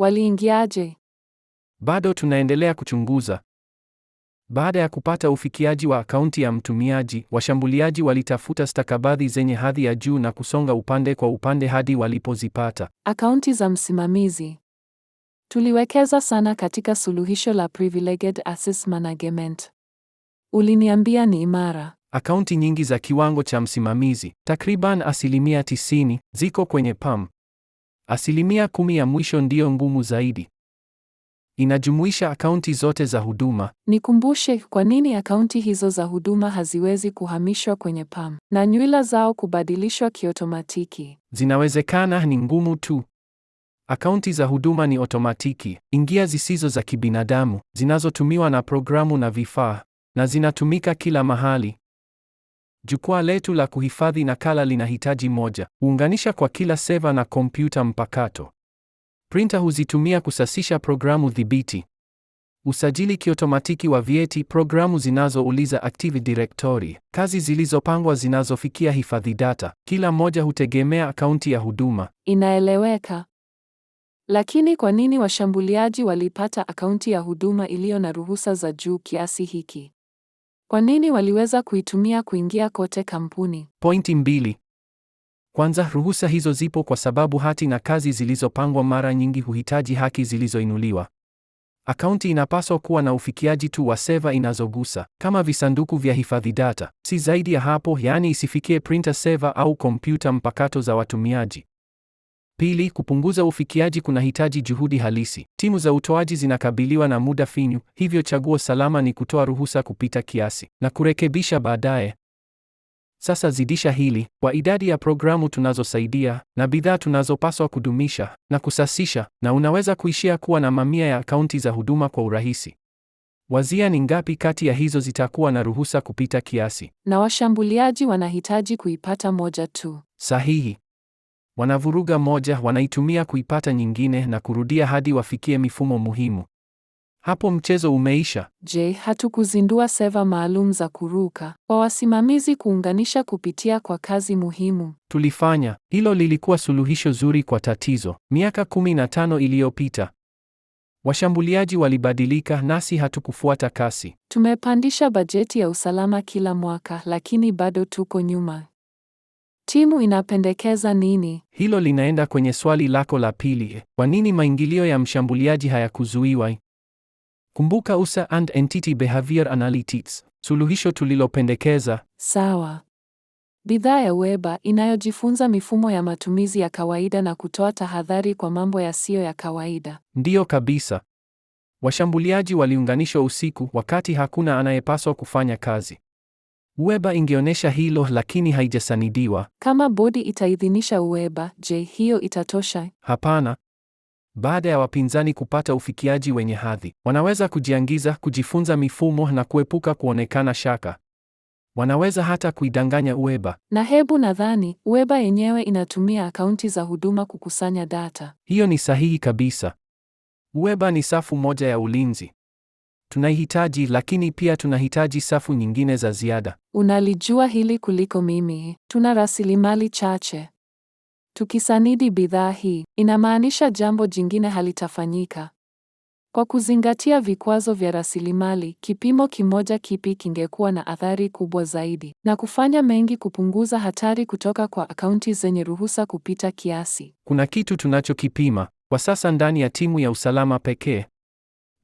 Waliingiaje? Bado tunaendelea kuchunguza. Baada ya kupata ufikiaji wa akaunti ya mtumiaji, washambuliaji walitafuta stakabadhi zenye hadhi ya juu na kusonga upande kwa upande hadi walipozipata. Akaunti za msimamizi. Tuliwekeza sana katika suluhisho la privileged access management. Uliniambia ni imara. Akaunti nyingi za kiwango cha msimamizi, takriban asilimia 90, ziko kwenye PAM. Asilimia kumi ya mwisho ndiyo ngumu zaidi. Inajumuisha akaunti zote za huduma. Nikumbushe kwa nini akaunti hizo za huduma haziwezi kuhamishwa kwenye PAM na nywila zao kubadilishwa kiotomatiki. Zinawezekana, ni ngumu tu. Akaunti za huduma ni otomatiki, ingia zisizo za kibinadamu, zinazotumiwa na programu na vifaa, na zinatumika kila mahali. Jukwaa letu la kuhifadhi nakala linahitaji moja, huunganisha kwa kila seva na kompyuta mpakato. Printa huzitumia kusasisha programu dhibiti. Usajili kiotomatiki wa vyeti, programu zinazouliza Active Directory, kazi zilizopangwa zinazofikia hifadhi data, kila moja hutegemea akaunti ya huduma. Inaeleweka. Lakini kwa nini washambuliaji walipata akaunti ya huduma iliyo na ruhusa za juu kiasi hiki? Kwa nini waliweza kuitumia kuingia kote kampuni? Pointi mbili. Kwanza, ruhusa hizo zipo kwa sababu hati na kazi zilizopangwa mara nyingi huhitaji haki zilizoinuliwa. Akaunti inapaswa kuwa na ufikiaji tu wa seva inazogusa, kama visanduku vya hifadhi data, si zaidi ya hapo, yaani isifikie printer, seva au kompyuta mpakato za watumiaji. Pili, kupunguza ufikiaji kunahitaji juhudi halisi. Timu za utoaji zinakabiliwa na muda finyu, hivyo chaguo salama ni kutoa ruhusa kupita kiasi na kurekebisha baadaye. Sasa zidisha hili kwa idadi ya programu tunazosaidia na bidhaa tunazopaswa kudumisha na kusasisha, na unaweza kuishia kuwa na mamia ya akaunti za huduma kwa urahisi. Wazia ni ngapi kati ya hizo zitakuwa na ruhusa kupita kiasi, na washambuliaji wanahitaji kuipata moja tu. Sahihi. Wanavuruga moja, wanaitumia kuipata nyingine na kurudia hadi wafikie mifumo muhimu. Hapo mchezo umeisha. Je, hatukuzindua seva maalum za kuruka kwa wasimamizi kuunganisha kupitia kwa kazi muhimu? Tulifanya. Hilo lilikuwa suluhisho zuri kwa tatizo. Miaka 15 iliyopita washambuliaji walibadilika, nasi hatukufuata kasi. Tumepandisha bajeti ya usalama kila mwaka, lakini bado tuko nyuma. Timu inapendekeza nini? Hilo linaenda kwenye swali lako la pili, kwa nini maingilio ya mshambuliaji hayakuzuiwa? Kumbuka usa and entity behavior analytics, suluhisho tulilopendekeza. Sawa. Bidhaa ya Weber inayojifunza mifumo ya matumizi ya kawaida na kutoa tahadhari kwa mambo yasiyo ya kawaida. Ndiyo kabisa. Washambuliaji waliunganishwa usiku wakati hakuna anayepaswa kufanya kazi. Uweba ingeonyesha hilo lakini haijasanidiwa. Kama bodi itaidhinisha Uweba, je, hiyo itatosha? Hapana. Baada ya wapinzani kupata ufikiaji wenye hadhi, wanaweza kujiangiza, kujifunza mifumo na kuepuka kuonekana shaka. Wanaweza hata kuidanganya Uweba. Na hebu nadhani Uweba yenyewe inatumia akaunti za huduma kukusanya data. Hiyo ni sahihi kabisa. Uweba ni safu moja ya ulinzi tunaihitaji lakini pia tunahitaji safu nyingine za ziada. Unalijua hili kuliko mimi, tuna rasilimali chache. Tukisanidi bidhaa hii, inamaanisha jambo jingine halitafanyika. Kwa kuzingatia vikwazo vya rasilimali, kipimo kimoja kipi kingekuwa na athari kubwa zaidi na kufanya mengi kupunguza hatari kutoka kwa akaunti zenye ruhusa kupita kiasi. Kuna kitu tunachokipima kwa sasa ndani ya timu ya usalama pekee,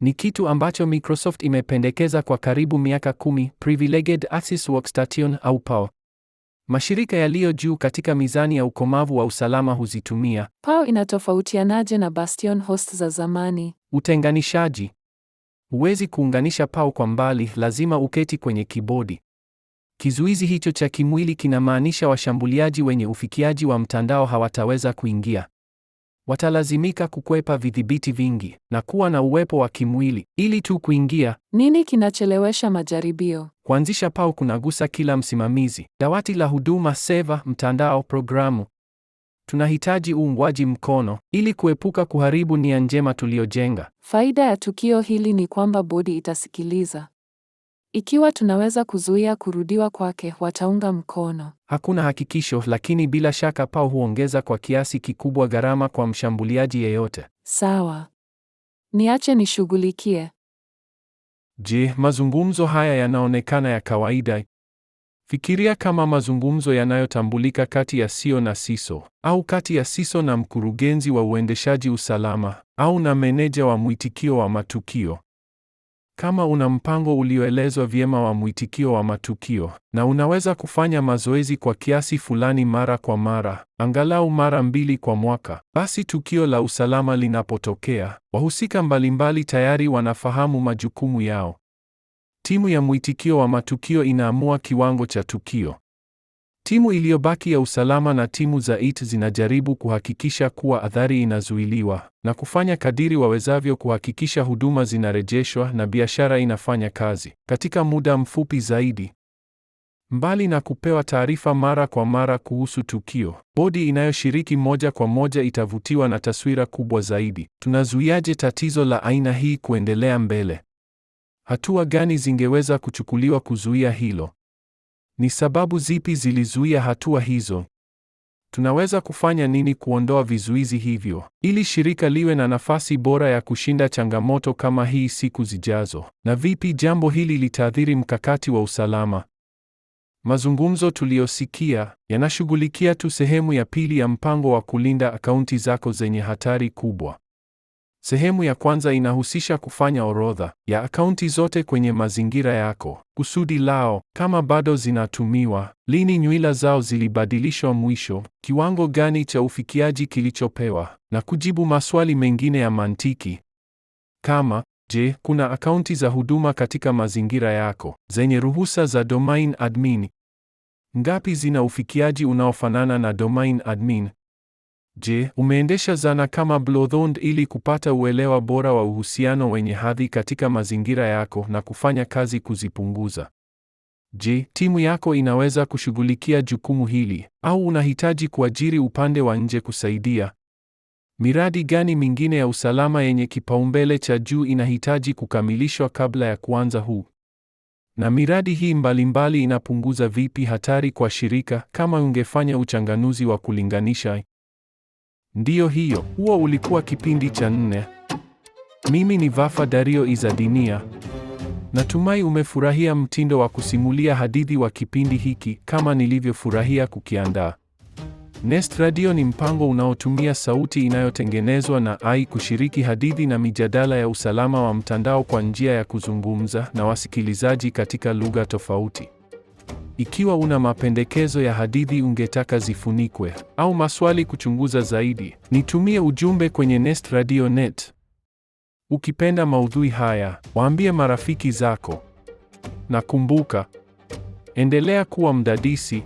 ni kitu ambacho Microsoft imependekeza kwa karibu miaka kumi, Privileged Access Workstation au PAW. Mashirika yaliyo juu katika mizani ya ukomavu wa usalama huzitumia. PAO inatofautianaje na Bastion host za zamani? Utenganishaji. Huwezi kuunganisha PAO kwa mbali, lazima uketi kwenye kibodi. Kizuizi hicho cha kimwili kinamaanisha washambuliaji wenye ufikiaji wa mtandao hawataweza kuingia watalazimika kukwepa vidhibiti vingi na kuwa na uwepo wa kimwili ili tu kuingia. Nini kinachelewesha majaribio? Kuanzisha pau kunagusa kila msimamizi, dawati la huduma, seva, mtandao, programu. Tunahitaji uungwaji mkono ili kuepuka kuharibu nia njema tuliyojenga. Faida ya tukio hili ni kwamba bodi itasikiliza ikiwa tunaweza kuzuia kurudiwa kwake, wataunga mkono. Hakuna hakikisho, lakini bila shaka pao huongeza kwa kiasi kikubwa gharama kwa mshambuliaji yeyote. Sawa, niache nishughulikie. Je, mazungumzo haya yanaonekana ya kawaida? Fikiria kama mazungumzo yanayotambulika kati ya sio na siso au kati ya siso na mkurugenzi wa uendeshaji usalama au na meneja wa mwitikio wa matukio. Kama una mpango ulioelezwa vyema wa mwitikio wa matukio na unaweza kufanya mazoezi kwa kiasi fulani mara kwa mara, angalau mara mbili kwa mwaka, basi tukio la usalama linapotokea, wahusika mbalimbali tayari wanafahamu majukumu yao. Timu ya mwitikio wa matukio inaamua kiwango cha tukio, Timu iliyobaki ya usalama na timu za IT zinajaribu kuhakikisha kuwa athari inazuiliwa na kufanya kadiri wawezavyo kuhakikisha huduma zinarejeshwa na biashara inafanya kazi katika muda mfupi zaidi. Mbali na kupewa taarifa mara kwa mara kuhusu tukio, bodi inayoshiriki moja kwa moja itavutiwa na taswira kubwa zaidi. Tunazuiaje tatizo la aina hii kuendelea mbele? Hatua gani zingeweza kuchukuliwa kuzuia hilo? Ni sababu zipi zilizuia hatua hizo? Tunaweza kufanya nini kuondoa vizuizi hivyo ili shirika liwe na nafasi bora ya kushinda changamoto kama hii siku zijazo? Na vipi jambo hili litaathiri mkakati wa usalama? Mazungumzo tuliyosikia yanashughulikia tu sehemu ya pili ya mpango wa kulinda akaunti zako zenye hatari kubwa. Sehemu ya kwanza inahusisha kufanya orodha ya akaunti zote kwenye mazingira yako, kusudi lao, kama bado zinatumiwa, lini nywila zao zilibadilishwa mwisho, kiwango gani cha ufikiaji kilichopewa, na kujibu maswali mengine ya mantiki kama je, kuna akaunti za huduma katika mazingira yako zenye ruhusa za domain admin? Ngapi zina ufikiaji unaofanana na domain admin? Je, umeendesha zana kama Blodhound ili kupata uelewa bora wa uhusiano wenye hadhi katika mazingira yako na kufanya kazi kuzipunguza? Je, timu yako inaweza kushughulikia jukumu hili au unahitaji kuajiri upande wa nje kusaidia? Miradi gani mingine ya usalama yenye kipaumbele cha juu inahitaji kukamilishwa kabla ya kuanza huu? Na miradi hii mbalimbali inapunguza vipi hatari kwa shirika kama ungefanya uchanganuzi wa kulinganisha? Ndiyo hiyo, huo ulikuwa kipindi cha nne. Mimi ni Vafa Dario Izadinia. Natumai umefurahia mtindo wa kusimulia hadithi wa kipindi hiki kama nilivyofurahia kukiandaa. Nest Radio ni mpango unaotumia sauti inayotengenezwa na AI kushiriki hadithi na mijadala ya usalama wa mtandao kwa njia ya kuzungumza na wasikilizaji katika lugha tofauti. Ikiwa una mapendekezo ya hadithi ungetaka zifunikwe au maswali kuchunguza zaidi, nitumie ujumbe kwenye Net. Ukipenda maudhui haya, waambie marafiki zako. Na kumbuka, endelea kuwa mdadisi.